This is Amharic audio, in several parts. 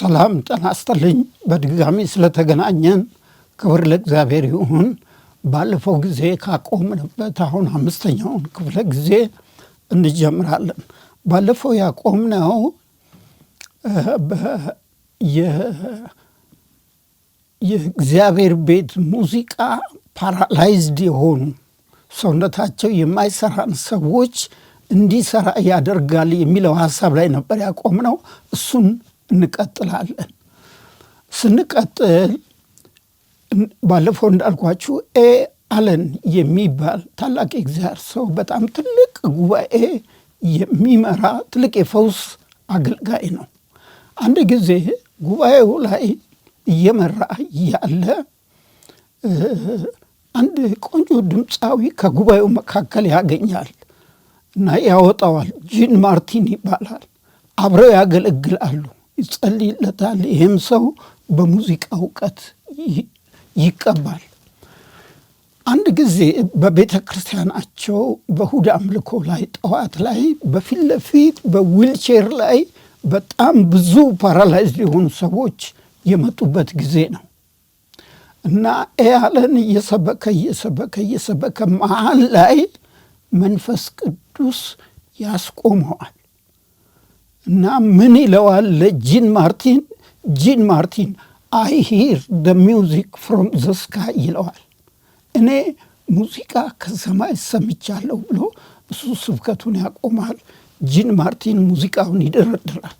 ሰላም ጤና ይስጥልኝ። በድጋሚ ስለተገናኘን ክብር ለእግዚአብሔር ይሁን። ባለፈው ጊዜ ካቆምንበት አሁን አምስተኛውን ክፍለ ጊዜ እንጀምራለን። ባለፈው ያቆምነው የእግዚአብሔር ቤት ሙዚቃ ፓራላይዝድ የሆኑ ሰውነታቸው የማይሰራን ሰዎች እንዲሰራ ያደርጋል የሚለው ሀሳብ ላይ ነበር ያቆምነው። እሱን እንቀጥላለን። ስንቀጥል ባለፈው እንዳልኳችሁ ኤ አለን የሚባል ታላቅ የእግዚአብሔር ሰው በጣም ትልቅ ጉባኤ የሚመራ ትልቅ የፈውስ አገልጋይ ነው። አንድ ጊዜ ጉባኤው ላይ እየመራ እያለ አንድ ቆንጆ ድምፃዊ ከጉባኤው መካከል ያገኛል እና ያወጣዋል። ጂን ማርቲን ይባላል። አብረው ያገለግላሉ፣ ይጸልይለታል። ይህም ሰው በሙዚቃ እውቀት ይቀባል። አንድ ጊዜ በቤተ ክርስቲያናቸው በእሁድ አምልኮ ላይ ጠዋት ላይ በፊት ለፊት በዊልቼር ላይ በጣም ብዙ ፓራላይዝ የሆኑ ሰዎች የመጡበት ጊዜ ነው እና ያለን እየሰበከ እየሰበከ እየሰበከ መሀል ላይ መንፈስ ቅዱስ ያስቆመዋል እና ምን ይለዋል ለጂን ማርቲን ጂን ማርቲን አይ ሂር ደ ሚውዚክ ፍሮም ዘ ስካይ ይለዋል። እኔ ሙዚቃ ከሰማይ ሰምቻለሁ ብሎ እሱ ስብከቱን ያቆማል። ጂን ማርቲን ሙዚቃውን ይደረድራል።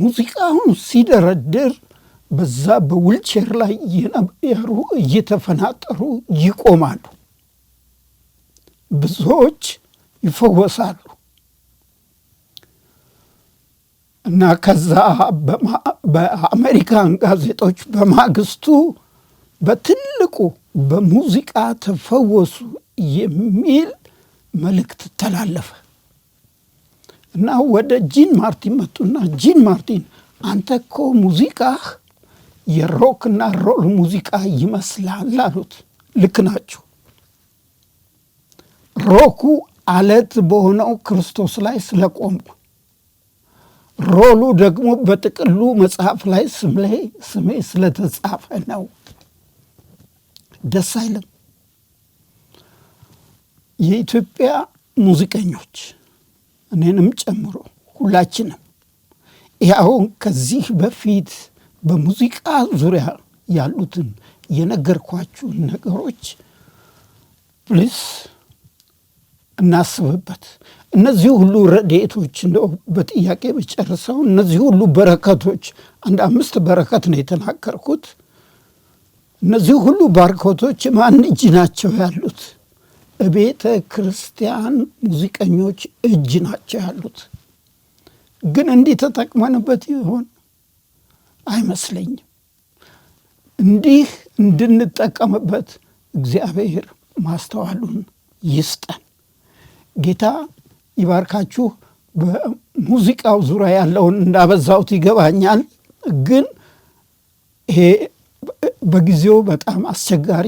ሙዚቃውን ሲደረድር በዛ በውልቸር ላይ የነበሩ እየተፈናጠሩ ይቆማሉ። ብዙዎች ይፈወሳሉ። እና ከዛ በአሜሪካን ጋዜጦች በማግስቱ በትልቁ በሙዚቃ ተፈወሱ የሚል መልእክት ተላለፈ። እና ወደ ጂን ማርቲን መጡና ጂን ማርቲን አንተ እኮ ሙዚቃህ የሮክና ሮል ሙዚቃ ይመስላል አሉት። ልክ ናችሁ። ሮኩ አለት በሆነው ክርስቶስ ላይ ስለቆሙ፣ ሮሉ ደግሞ በጥቅሉ መጽሐፍ ላይ ስምሌ ስሜ ስለተጻፈ ነው። ደስ አይልም? የኢትዮጵያ ሙዚቀኞች እኔንም ጨምሮ ሁላችንም ይህ ከዚህ በፊት በሙዚቃ ዙሪያ ያሉትን የነገርኳችሁን ነገሮች ፕሊስ እናስብበት። እነዚህ ሁሉ ረድኤቶች እንደው በጥያቄ በጨርሰው እነዚህ ሁሉ በረከቶች አንድ አምስት በረከት ነው የተናገርኩት። እነዚህ ሁሉ ባርኮቶች ማን እጅ ናቸው ያሉት? በቤተ ክርስቲያን ሙዚቀኞች እጅ ናቸው ያሉት። ግን እንዲህ ተጠቅመንበት ይሆን? አይመስለኝም። እንዲህ እንድንጠቀምበት እግዚአብሔር ማስተዋሉን ይስጠን። ጌታ ይባርካችሁ። በሙዚቃው ዙሪያ ያለውን እንዳበዛሁት ይገባኛል፣ ግን ይሄ በጊዜው በጣም አስቸጋሪ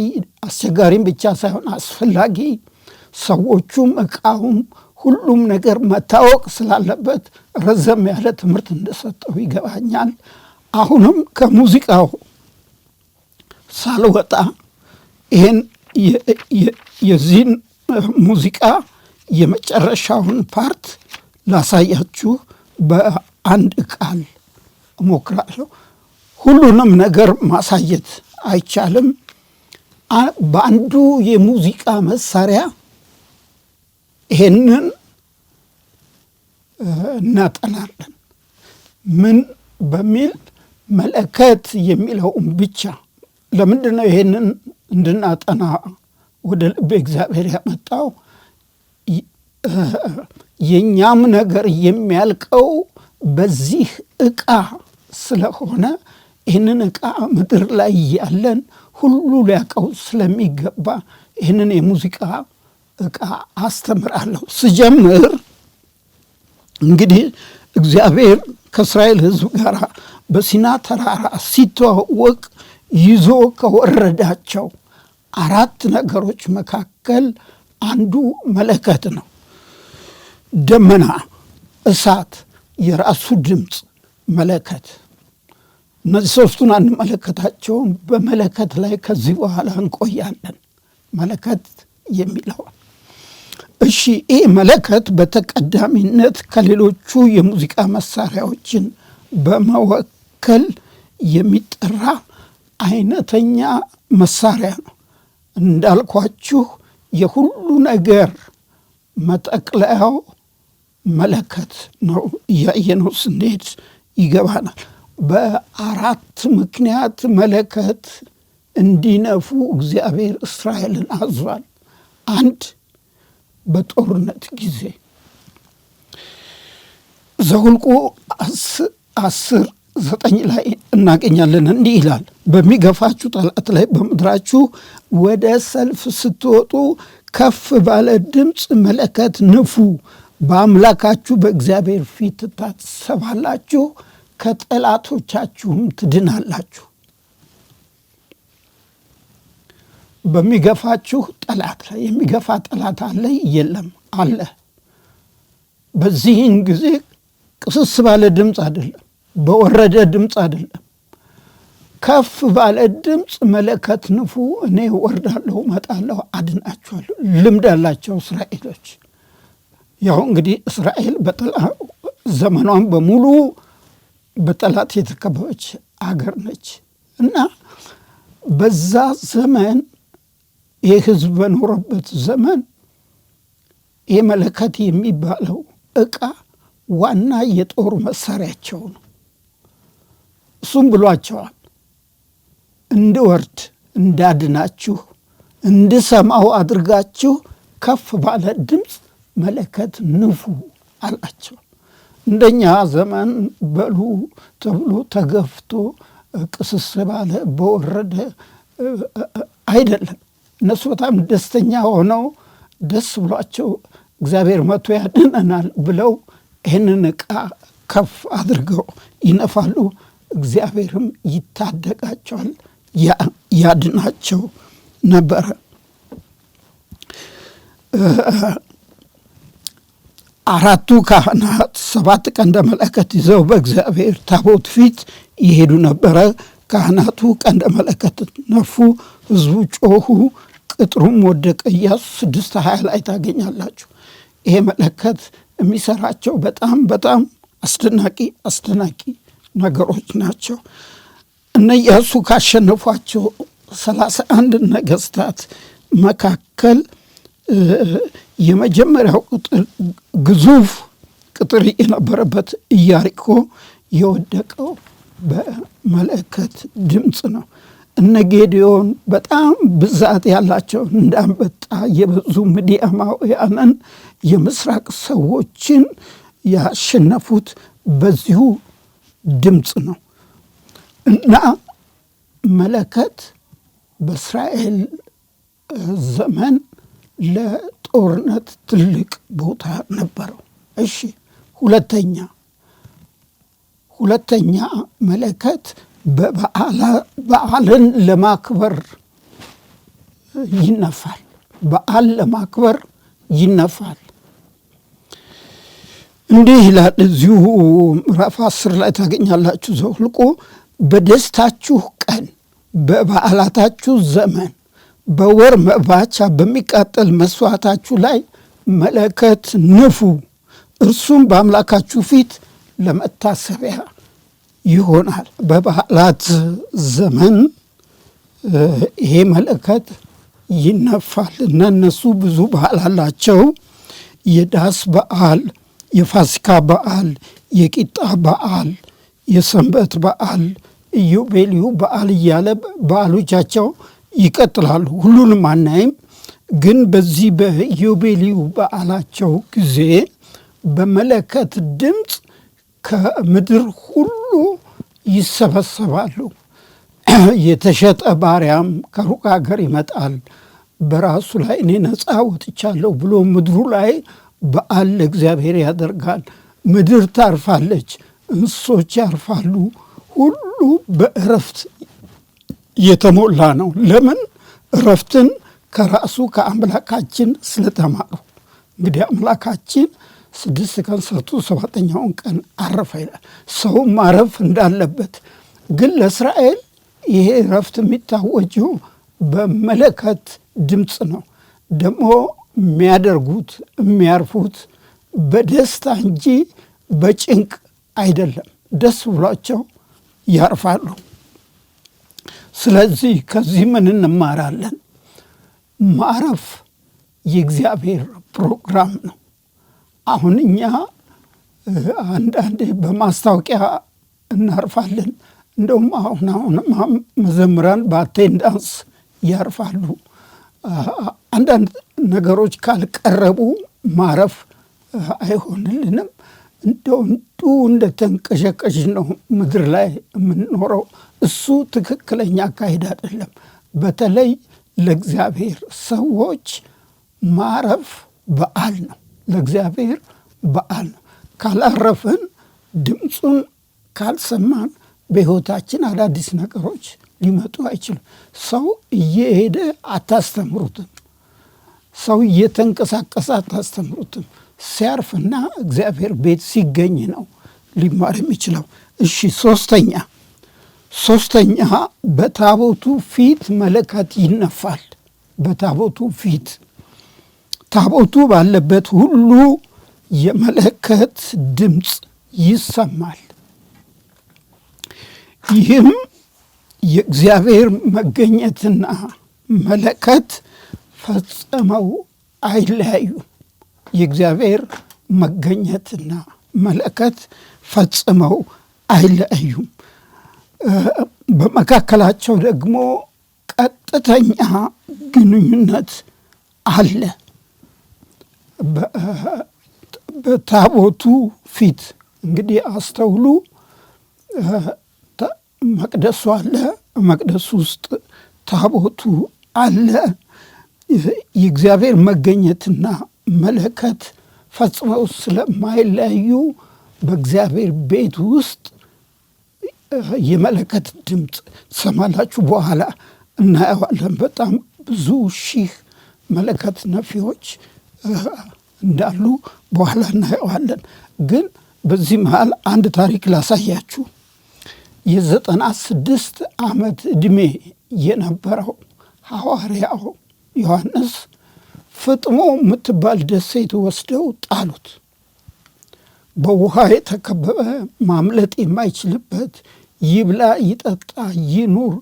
አስቸጋሪም ብቻ ሳይሆን አስፈላጊ ሰዎቹም እቃውም ሁሉም ነገር መታወቅ ስላለበት ረዘም ያለ ትምህርት እንደሰጠው ይገባኛል። አሁንም ከሙዚቃው ሳልወጣ ይህን የዚህን ሙዚቃ የመጨረሻውን ፓርት ላሳያችሁ በአንድ ቃል እሞክራለሁ። ሁሉንም ነገር ማሳየት አይቻልም። በአንዱ የሙዚቃ መሳሪያ ይሄንን እናጠናለን። ምን በሚል መለከት የሚለውን ብቻ ለምንድን ነው ይሄንን እንድናጠና ወደ ልብ እግዚአብሔር ያመጣው? የእኛም ነገር የሚያልቀው በዚህ እቃ ስለሆነ ይህንን ዕቃ ምድር ላይ ያለን ሁሉ ሊያውቀው ስለሚገባ ይህንን የሙዚቃ ዕቃ አስተምራለሁ። ስጀምር እንግዲህ እግዚአብሔር ከእስራኤል ሕዝብ ጋር በሲና ተራራ ሲተዋወቅ ይዞ ከወረዳቸው አራት ነገሮች መካከል አንዱ መለከት ነው። ደመና፣ እሳት፣ የራሱ ድምፅ መለከት እነዚህ ሶስቱን አንመለከታቸውም። በመለከት ላይ ከዚህ በኋላ እንቆያለን። መለከት የሚለው እሺ፣ ይህ መለከት በተቀዳሚነት ከሌሎቹ የሙዚቃ መሳሪያዎችን በመወከል የሚጠራ አይነተኛ መሳሪያ ነው። እንዳልኳችሁ የሁሉ ነገር መጠቅለያው መለከት ነው። እያየነው ስንሄድ ይገባናል። በአራት ምክንያት መለከት እንዲነፉ እግዚአብሔር እስራኤልን አዟል። አንድ በጦርነት ጊዜ ዘውልቁ አስር ዘጠኝ ላይ እናገኛለን። እንዲህ ይላል፣ በሚገፋችሁ ጠላት ላይ በምድራችሁ ወደ ሰልፍ ስትወጡ ከፍ ባለ ድምፅ መለከት ንፉ፣ በአምላካችሁ በእግዚአብሔር ፊት ትታሰባላችሁ ከጠላቶቻችሁም ትድናላችሁ። በሚገፋችሁ ጠላት ላይ የሚገፋ ጠላት አለ? የለም አለ። በዚህን ጊዜ ቅስስ ባለ ድምፅ አይደለም፣ በወረደ ድምፅ አይደለም፣ ከፍ ባለ ድምፅ መለከት ንፉ፣ እኔ ወርዳለሁ፣ መጣለሁ፣ አድናችኋለሁ። ልምድ አላቸው እስራኤሎች። ያው እንግዲህ እስራኤል በጠላ ዘመኗን በሙሉ በጠላት የተከበበች አገር ነች እና በዛ ዘመን ይህ ህዝብ በኖረበት ዘመን የመለከት የሚባለው እቃ ዋና የጦር መሳሪያቸው ነው። እሱም ብሏቸዋል፣ እንድወርድ እንዳድናችሁ እንድሰማው አድርጋችሁ ከፍ ባለ ድምፅ መለከት ንፉ አላቸው። እንደኛ ዘመን በሉ ተብሎ ተገፍቶ ቅስስ ባለ በወረደ አይደለም። እነሱ በጣም ደስተኛ ሆነው ደስ ብሏቸው እግዚአብሔር መቶ ያድነናል ብለው ይህንን ዕቃ ከፍ አድርገው ይነፋሉ። እግዚአብሔርም ይታደቃቸዋል ያድናቸው ነበረ። አራቱ ካህናት ሰባት ቀንደ መለከት ይዘው በእግዚአብሔር ታቦት ፊት ይሄዱ ነበረ። ካህናቱ ቀንደ መለከት ነፉ፣ ህዝቡ ጮሁ፣ ቅጥሩም ወደቀ። ኢያሱ ስድስት ሀያ ላይ ታገኛላችሁ። ይሄ መለከት የሚሰራቸው በጣም በጣም አስደናቂ አስደናቂ ነገሮች ናቸው። እነ ኢያሱ ካሸነፏቸው ሰላሳ አንድ ነገስታት መካከል የመጀመሪያው ቅጥር ግዙፍ ቅጥር የነበረበት ኢያሪኮ የወደቀው በመለከት ድምፅ ነው። እነ ጌዲዮን በጣም ብዛት ያላቸው እንዳንበጣ የብዙ ምድያማውያንን የምስራቅ ሰዎችን ያሸነፉት በዚሁ ድምፅ ነው እና መለከት በእስራኤል ዘመን ለ ጦርነት ትልቅ ቦታ ነበረው። እሺ ሁለተኛ ሁለተኛ መለከት በበዓልን ለማክበር ይነፋል። በዓል ለማክበር ይነፋል። እንዲህ ይላል እዚሁ ምዕራፍ አስር ላይ ታገኛላችሁ። ዘኍልቍ በደስታችሁ ቀን በበዓላታችሁ ዘመን በወር መባቻ በሚቃጠል መስዋዕታችሁ ላይ መለከት ንፉ፣ እርሱም በአምላካችሁ ፊት ለመታሰቢያ ይሆናል። በበዓላት ዘመን ይሄ መለከት ይነፋል እና እነሱ ብዙ በዓል አላቸው። የዳስ በዓል፣ የፋሲካ በዓል፣ የቂጣ በዓል፣ የሰንበት በዓል፣ ኢዮቤልዩ በዓል እያለ በዓሎቻቸው ይቀጥላሉ። ሁሉንም አናይም፣ ግን በዚህ በዮቤልዩ በዓላቸው ጊዜ በመለከት ድምፅ ከምድር ሁሉ ይሰበሰባሉ። የተሸጠ ባሪያም ከሩቅ ሀገር ይመጣል። በራሱ ላይ እኔ ነፃ ወጥቻለሁ ብሎ ምድሩ ላይ በዓል እግዚአብሔር ያደርጋል። ምድር ታርፋለች፣ እንስሶች ያርፋሉ፣ ሁሉ በእረፍት የተሞላ ነው። ለምን? እረፍትን ከራሱ ከአምላካችን ስለተማሩ። እንግዲህ አምላካችን ስድስት ቀን ሰጥቶ ሰባተኛውን ቀን አረፈ ይላል። ሰውም ማረፍ እንዳለበት ግን ለእስራኤል ይሄ እረፍት የሚታወጀው በመለከት ድምፅ ነው። ደግሞ የሚያደርጉት የሚያርፉት በደስታ እንጂ በጭንቅ አይደለም። ደስ ብሏቸው ያርፋሉ። ስለዚህ ከዚህ ምን እንማራለን? ማረፍ የእግዚአብሔር ፕሮግራም ነው። አሁን እኛ አንዳንዴ በማስታወቂያ እናርፋለን። እንደውም አሁን አሁን መዘምራን በአቴንዳንስ ያርፋሉ። አንዳንድ ነገሮች ካልቀረቡ ማረፍ አይሆንልንም። እንደው እንዱ እንደተንቀሸቀሽ ነው ምድር ላይ የምንኖረው። እሱ ትክክለኛ አካሄድ አይደለም። በተለይ ለእግዚአብሔር ሰዎች ማረፍ በዓል ነው። ለእግዚአብሔር በዓል ነው። ካላረፍን፣ ድምፁን ካልሰማን በሕይወታችን አዳዲስ ነገሮች ሊመጡ አይችሉም። ሰው እየሄደ አታስተምሩትም። ሰው እየተንቀሳቀሰ አታስተምሩትም። ሲያርፍና እግዚአብሔር ቤት ሲገኝ ነው ሊማር የሚችለው። እሺ ሶስተኛ ሶስተኛ በታቦቱ ፊት መለከት ይነፋል። በታቦቱ ፊት ታቦቱ ባለበት ሁሉ የመለከት ድምፅ ይሰማል። ይህም የእግዚአብሔር መገኘትና መለከት ፈጽመው አይለያዩ። የእግዚአብሔር መገኘትና መለከት ፈጽመው አይለዩም በመካከላቸው ደግሞ ቀጥተኛ ግንኙነት አለ። በታቦቱ ፊት እንግዲህ አስተውሉ። መቅደሱ አለ። መቅደሱ ውስጥ ታቦቱ አለ። የእግዚአብሔር መገኘትና መለከት ፈጽመው ስለማይለያዩ በእግዚአብሔር ቤት ውስጥ የመለከት ድምፅ ትሰማላችሁ። በኋላ እናየዋለን። በጣም ብዙ ሺህ መለከት ነፊዎች እንዳሉ በኋላ እናየዋለን። ግን በዚህ መሃል አንድ ታሪክ ላሳያችሁ። የዘጠና ስድስት ዓመት ዕድሜ የነበረው ሐዋርያው ዮሐንስ ፍጥሞ የምትባል ደሴት ወስደው ጣሉት። በውሃ የተከበበ ማምለጥ የማይችልበት ይብላ፣ ይጠጣ፣ ይኑር፣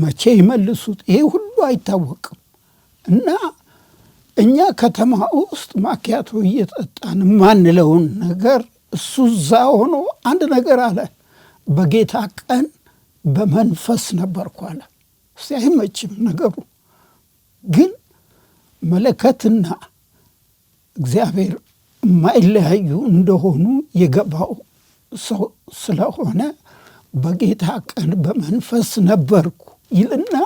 መቼ ይመልሱት፣ ይሄ ሁሉ አይታወቅም እና እኛ ከተማ ውስጥ ማኪያቶ እየጠጣን ማንለውን ነገር እሱ እዛ ሆኖ አንድ ነገር አለ። በጌታ ቀን በመንፈስ ነበርኩ አለ። እስቲ አይመችም ነገሩ ግን መለከትና እግዚአብሔር ማይለያዩ እንደሆኑ የገባው ሰው ስለሆነ በጌታ ቀን በመንፈስ ነበርኩ ይልና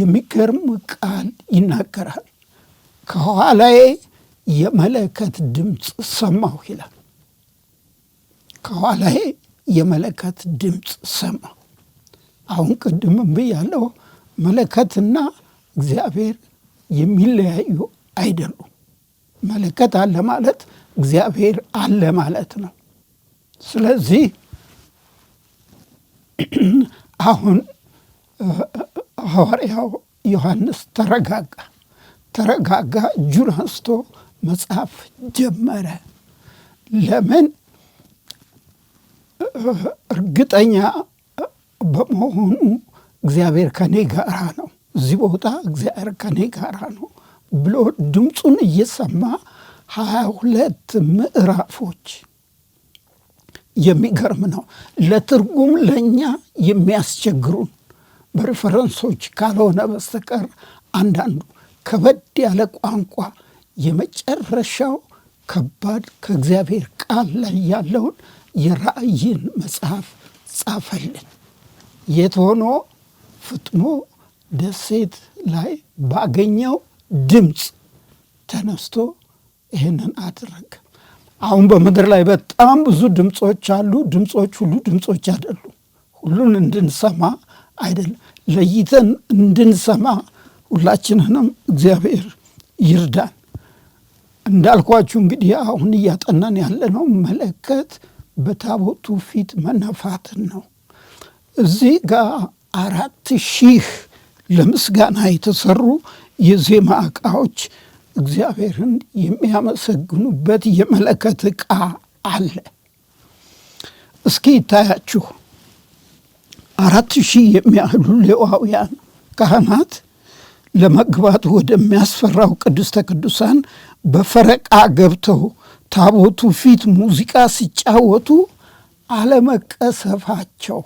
የሚገርም ቃል ይናገራል። ከኋላዬ የመለከት ድምፅ ሰማሁ ይላል። ከኋላዬ የመለከት ድምፅ ሰማሁ። አሁን ቅድምም ብያለሁ መለከትና እግዚአብሔር የሚለያዩ አይደሉም። መለከት አለ ማለት እግዚአብሔር አለ ማለት ነው። ስለዚህ አሁን ሐዋርያው ዮሐንስ ተረጋጋ ተረጋጋ፣ እጁን አንስቶ መጽሐፍ ጀመረ። ለምን? እርግጠኛ በመሆኑ እግዚአብሔር ከኔ ጋራ ነው እዚህ ቦታ እግዚአብሔር ከኔ ጋር ነው ብሎ ድምፁን እየሰማ ሀያ ሁለት ምዕራፎች የሚገርም ነው። ለትርጉም ለእኛ የሚያስቸግሩን በሬፈረንሶች ካልሆነ በስተቀር አንዳንዱ ከበድ ያለ ቋንቋ የመጨረሻው ከባድ ከእግዚአብሔር ቃል ላይ ያለውን የራእይን መጽሐፍ ጻፈልን። የት ሆኖ ፍጥሞ ደሴት ላይ ባገኘው ድምፅ ተነስቶ ይህንን አደረገ። አሁን በምድር ላይ በጣም ብዙ ድምፆች አሉ። ድምፆች ሁሉ ድምፆች አይደሉም። ሁሉን እንድንሰማ አይደለም፣ ለይተን እንድንሰማ ሁላችንንም እግዚአብሔር ይርዳን። እንዳልኳችሁ እንግዲህ አሁን እያጠናን ያለነው መለከት በታቦቱ ፊት መነፋትን ነው። እዚህ ጋር አራት ሺህ ለምስጋና የተሰሩ የዜማ ዕቃዎች እግዚአብሔርን የሚያመሰግኑበት የመለከት ዕቃ አለ። እስኪ ይታያችሁ አራት ሺህ የሚያህሉ ሌዋውያን ካህናት ለመግባት ወደሚያስፈራው ቅድስተ ቅዱሳን በፈረቃ ገብተው ታቦቱ ፊት ሙዚቃ ሲጫወቱ አለመቀሰፋቸው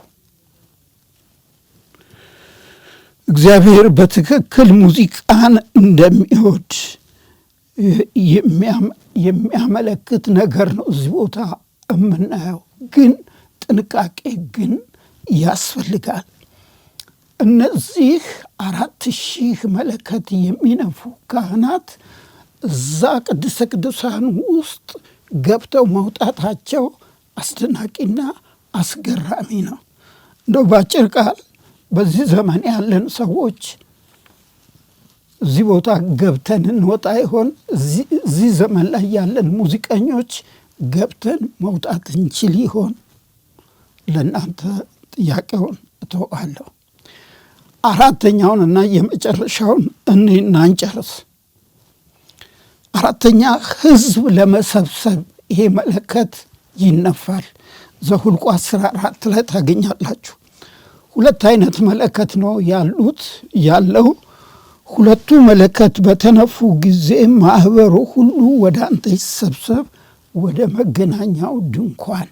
እግዚአብሔር በትክክል ሙዚቃን እንደሚወድ የሚያመለክት ነገር ነው እዚህ ቦታ የምናየው። ግን ጥንቃቄ ግን ያስፈልጋል። እነዚህ አራት ሺህ መለከት የሚነፉ ካህናት እዛ ቅድስተ ቅዱሳን ውስጥ ገብተው መውጣታቸው አስደናቂና አስገራሚ ነው። እንደው ባጭር ቃል በዚህ ዘመን ያለን ሰዎች እዚህ ቦታ ገብተን እንወጣ ይሆን? እዚህ ዘመን ላይ ያለን ሙዚቀኞች ገብተን መውጣት እንችል ይሆን? ለእናንተ ጥያቄውን እተዋለሁ። አራተኛውን እና የመጨረሻውን እኔ እናንጨርስ። አራተኛ ህዝብ ለመሰብሰብ ይሄ መለከት ይነፋል። ዘሁልቁ አራት ላይ ታገኛላችሁ። ሁለት አይነት መለከት ነው ያሉት ያለው ሁለቱ መለከት በተነፉ ጊዜ ማህበሩ ሁሉ ወደ አንተ ይሰብሰብ ወደ መገናኛው ድንኳን።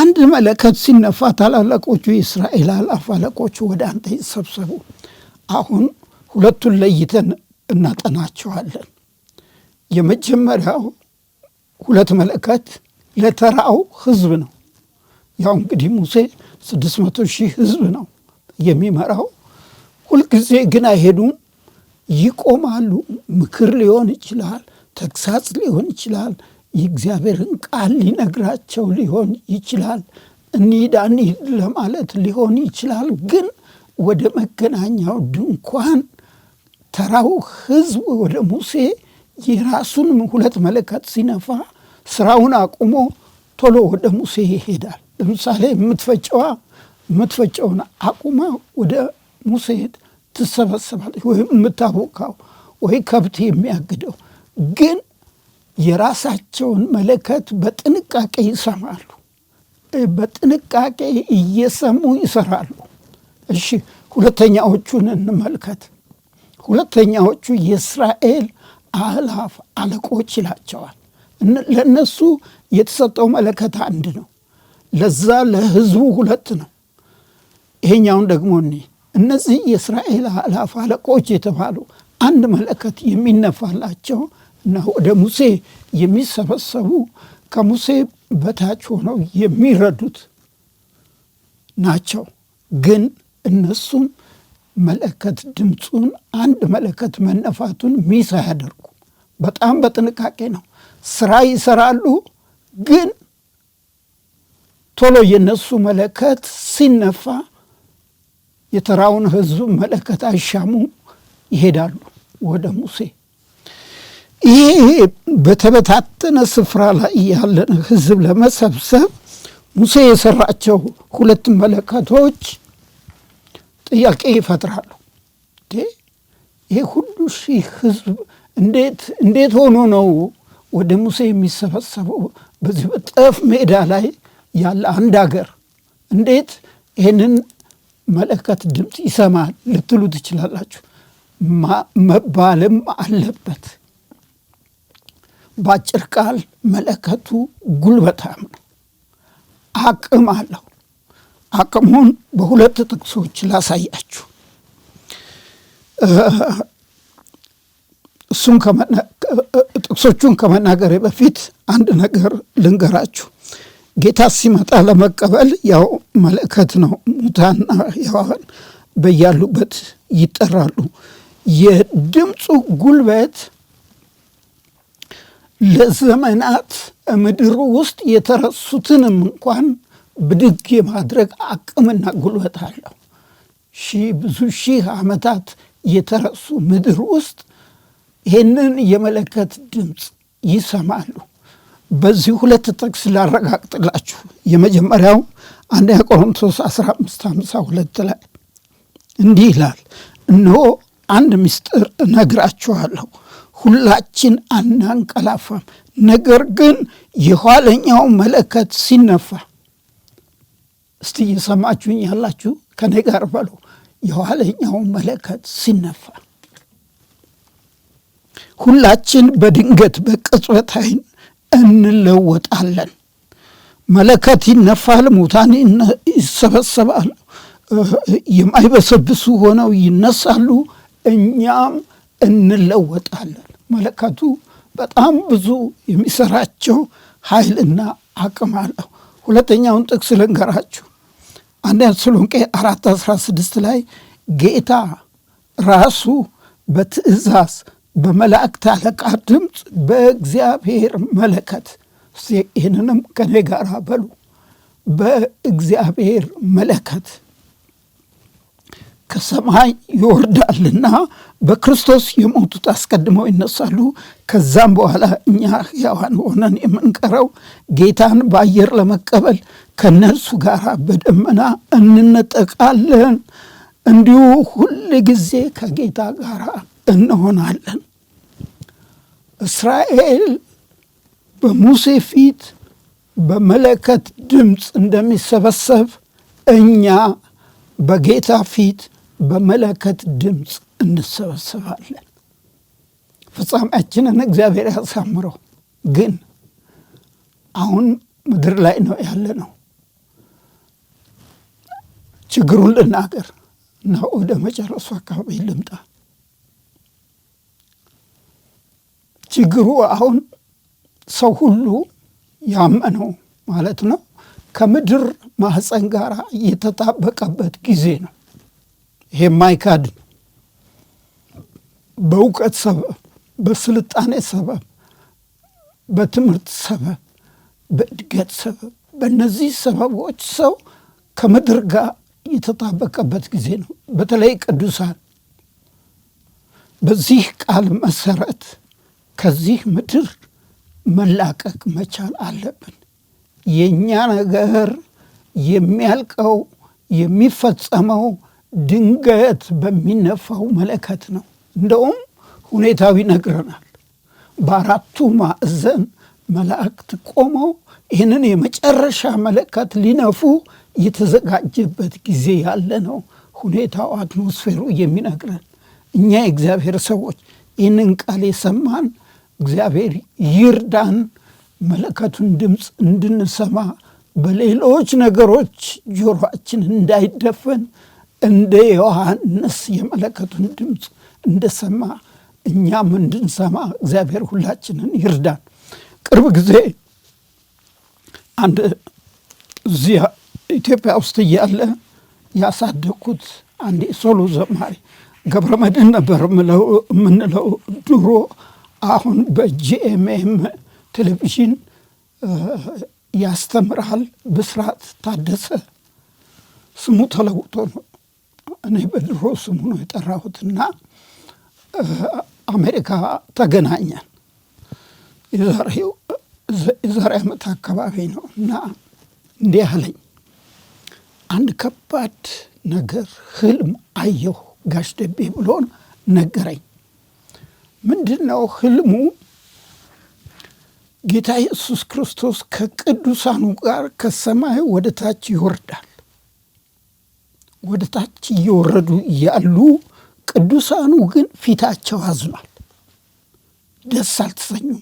አንድ መለከት ሲነፋ ታላላቆቹ የእስራኤል አላፍ አለቆቹ ወደ አንተ ይሰብሰቡ። አሁን ሁለቱን ለይተን እናጠናቸዋለን። የመጀመሪያው ሁለት መለከት ለተራው ህዝብ ነው። ያው እንግዲህ ሙሴ ስድስት መቶ ሺህ ህዝብ ነው የሚመራው። ሁልጊዜ ግን አይሄዱም፣ ይቆማሉ። ምክር ሊሆን ይችላል፣ ተግሳጽ ሊሆን ይችላል፣ የእግዚአብሔርን ቃል ሊነግራቸው ሊሆን ይችላል፣ እንሂድ ለማለት ሊሆን ይችላል። ግን ወደ መገናኛው ድንኳን ተራው ህዝብ ወደ ሙሴ የራሱን ሁለት መለከት ሲነፋ ስራውን አቁሞ ቶሎ ወደ ሙሴ ይሄዳል። ለምሳሌ የምትፈጨዋ የምትፈጨውን አቁማ ወደ ሙሴ ትሰበሰባለች ወይም የምታቦካው ወይ ከብት የሚያግደው ግን የራሳቸውን መለከት በጥንቃቄ ይሰማሉ። በጥንቃቄ እየሰሙ ይሰራሉ። እሺ ሁለተኛዎቹን እንመልከት። ሁለተኛዎቹ የእስራኤል አእላፍ አለቆች ይላቸዋል። ለእነሱ የተሰጠው መለከት አንድ ነው። ለዛ ለህዝቡ ሁለት ነው። ይሄኛውን ደግሞ እኒ እነዚህ የእስራኤል አላፍ አለቆች የተባሉ አንድ መለከት የሚነፋላቸው እና ወደ ሙሴ የሚሰበሰቡ ከሙሴ በታች ሆነው የሚረዱት ናቸው። ግን እነሱም መለከት ድምፁን አንድ መለከት መነፋቱን ሚስ አያደርጉም። በጣም በጥንቃቄ ነው ስራ ይሰራሉ ግን ቶሎ የነሱ መለከት ሲነፋ የተራውን ህዝብ መለከት አይሻሙ ይሄዳሉ ወደ ሙሴ። ይሄ በተበታተነ ስፍራ ላይ ያለን ህዝብ ለመሰብሰብ ሙሴ የሰራቸው ሁለት መለከቶች ጥያቄ ይፈጥራሉ። ይሄ ሁሉ ሺህ ህዝብ እንዴት እንዴት ሆኖ ነው ወደ ሙሴ የሚሰበሰበው በዚህ በጠፍ ሜዳ ላይ ያለ አንድ ሀገር እንዴት ይህንን መለከት ድምፅ ይሰማል ልትሉ ትችላላችሁ። መባልም አለበት። በአጭር ቃል መለከቱ ጉልበታም ነው፣ አቅም አለው። አቅሙን በሁለት ጥቅሶች ላሳያችሁ። እሱም ጥቅሶቹን ከመናገሬ በፊት አንድ ነገር ልንገራችሁ። ጌታ ሲመጣ ለመቀበል ያው መለከት ነው። ሙታን ሕያዋን በያሉበት ይጠራሉ። የድምፁ ጉልበት ለዘመናት ምድር ውስጥ የተረሱትንም እንኳን ብድግ የማድረግ አቅምና ጉልበት አለው። ሺህ ብዙ ሺህ ዓመታት የተረሱ ምድር ውስጥ ይህንን የመለከት ድምፅ ይሰማሉ። በዚህ ሁለት ጥቅስ ላረጋግጥላችሁ። የመጀመሪያው አንደኛ ቆሮንቶስ 15 52 ላይ እንዲህ ይላል፣ እነሆ አንድ ምስጢር እነግራችኋለሁ፣ ሁላችን አናንቀላፋም፣ ነገር ግን የኋለኛው መለከት ሲነፋ። እስቲ እየሰማችሁኝ ያላችሁ ከኔ ጋር በሉ፣ የኋለኛው መለከት ሲነፋ ሁላችን በድንገት በቅጽበት ዓይን እንለወጣለን። መለከት ይነፋል፣ ሙታን ይሰበሰባል፣ የማይበሰብሱ ሆነው ይነሳሉ፣ እኛም እንለወጣለን። መለከቱ በጣም ብዙ የሚሰራቸው ኃይልና አቅም አለው። ሁለተኛውን ጥቅስ ልንገራችሁ። አንደኛ ተሰሎንቄ አራት አስራ ስድስት ላይ ጌታ ራሱ በትእዛዝ በመላእክት አለቃ ድምፅ በእግዚአብሔር መለከት ይህንንም ከኔ ጋር በሉ በእግዚአብሔር መለከት ከሰማይ ይወርዳልና በክርስቶስ የሞቱት አስቀድመው ይነሳሉ። ከዛም በኋላ እኛ ሕያዋን ሆነን የምንቀረው ጌታን በአየር ለመቀበል ከነሱ ጋር በደመና እንነጠቃለን። እንዲሁ ሁል ጊዜ ከጌታ ጋር እንሆናለን። እስራኤል በሙሴ ፊት በመለከት ድምፅ እንደሚሰበሰብ እኛ በጌታ ፊት በመለከት ድምፅ እንሰበሰባለን። ፍጻሜያችንን እግዚአብሔር ያሳምረው። ግን አሁን ምድር ላይ ነው ያለ ነው። ችግሩን ልናገር እና ወደ መጨረሱ አካባቢ ልምጣ። ችግሩ አሁን ሰው ሁሉ ያመነው ማለት ነው ከምድር ማህፀን ጋር የተጣበቀበት ጊዜ ነው። ይሄ ማይካድ በእውቀት ሰበብ፣ በስልጣኔ ሰበብ፣ በትምህርት ሰበብ፣ በእድገት ሰበብ፣ በእነዚህ ሰበቦች ሰው ከምድር ጋር የተጣበቀበት ጊዜ ነው። በተለይ ቅዱሳን በዚህ ቃል መሰረት ከዚህ ምድር መላቀቅ መቻል አለብን። የእኛ ነገር የሚያልቀው የሚፈጸመው ድንገት በሚነፋው መለከት ነው። እንደውም ሁኔታው ይነግረናል። በአራቱ ማዕዘን መላእክት ቆመው ይህንን የመጨረሻ መለከት ሊነፉ የተዘጋጀበት ጊዜ ያለ ነው። ሁኔታው አትሞስፌሩ የሚነግረን እኛ የእግዚአብሔር ሰዎች ይህንን ቃል የሰማን እግዚአብሔር ይርዳን። መለከቱን ድምፅ እንድንሰማ በሌሎች ነገሮች ጆሮችን እንዳይደፈን እንደ ዮሐንስ የመለከቱን ድምፅ እንደሰማ እኛም እንድንሰማ እግዚአብሔር ሁላችንን ይርዳን። ቅርብ ጊዜ አንድ እዚያ ኢትዮጵያ ውስጥ እያለ ያሳደግኩት አንድ የሶሎ ዘማሪ ገብረ መድህን ነበር የምንለው ድሮ አሁን በጂኤምኤም ቴሌቪዥን ያስተምራል ብስራት ታደሰ ስሙ ተለውጦ ነው። እኔ በድሮ ስሙ ነው የጠራሁትና አሜሪካ ተገናኘን። የዛሬ ዓመት አካባቢ ነው እና እንዲህ አለኝ፣ አንድ ከባድ ነገር ህልም አየሁ ጋሽ ደቤ ብሎን ነገረኝ። ምንድን ነው ህልሙ? ጌታ ኢየሱስ ክርስቶስ ከቅዱሳኑ ጋር ከሰማይ ወደ ታች ይወርዳል። ወደ ታች እየወረዱ ያሉ ቅዱሳኑ ግን ፊታቸው አዝኗል፣ ደስ አልተሰኙም።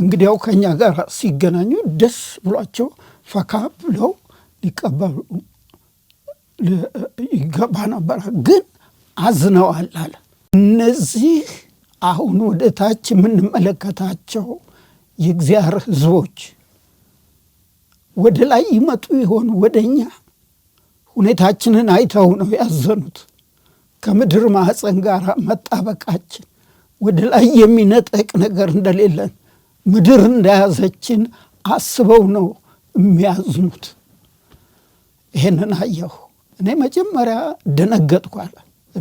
እንግዲያው ከእኛ ጋር ሲገናኙ ደስ ብሏቸው ፈካ ብለው ሊቀበሉ ይገባ ነበረ፣ ግን አዝነዋል አለ እነዚህ አሁን ወደ ታች የምንመለከታቸው የእግዚአብሔር ሕዝቦች ወደ ላይ ይመጡ ይሆን? ወደ እኛ ሁኔታችንን አይተው ነው ያዘኑት። ከምድር ማዕፀን ጋር መጣበቃችን ወደ ላይ የሚነጠቅ ነገር እንደሌለን ምድር እንደያዘችን አስበው ነው የሚያዝኑት። ይህንን አየሁ እኔ መጀመሪያ ደነገጥኳል።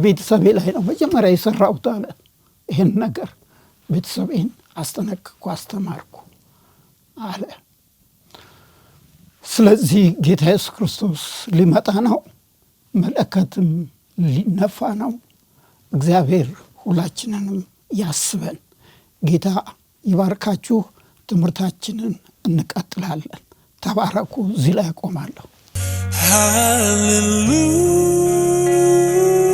ቤተሰቤ ላይ ነው መጀመሪያ የሰራሁት አለ ይህን ነገር ቤተሰቤን አስጠነቅኩ፣ አስተማርኩ አለ። ስለዚህ ጌታ ኢየሱስ ክርስቶስ ሊመጣ ነው፣ መለከትም ሊነፋ ነው። እግዚአብሔር ሁላችንንም ያስበን። ጌታ ይባርካችሁ። ትምህርታችንን እንቀጥላለን። ተባረኩ። እዚህ ላይ ያቆማለሁ። ሃሌሉያ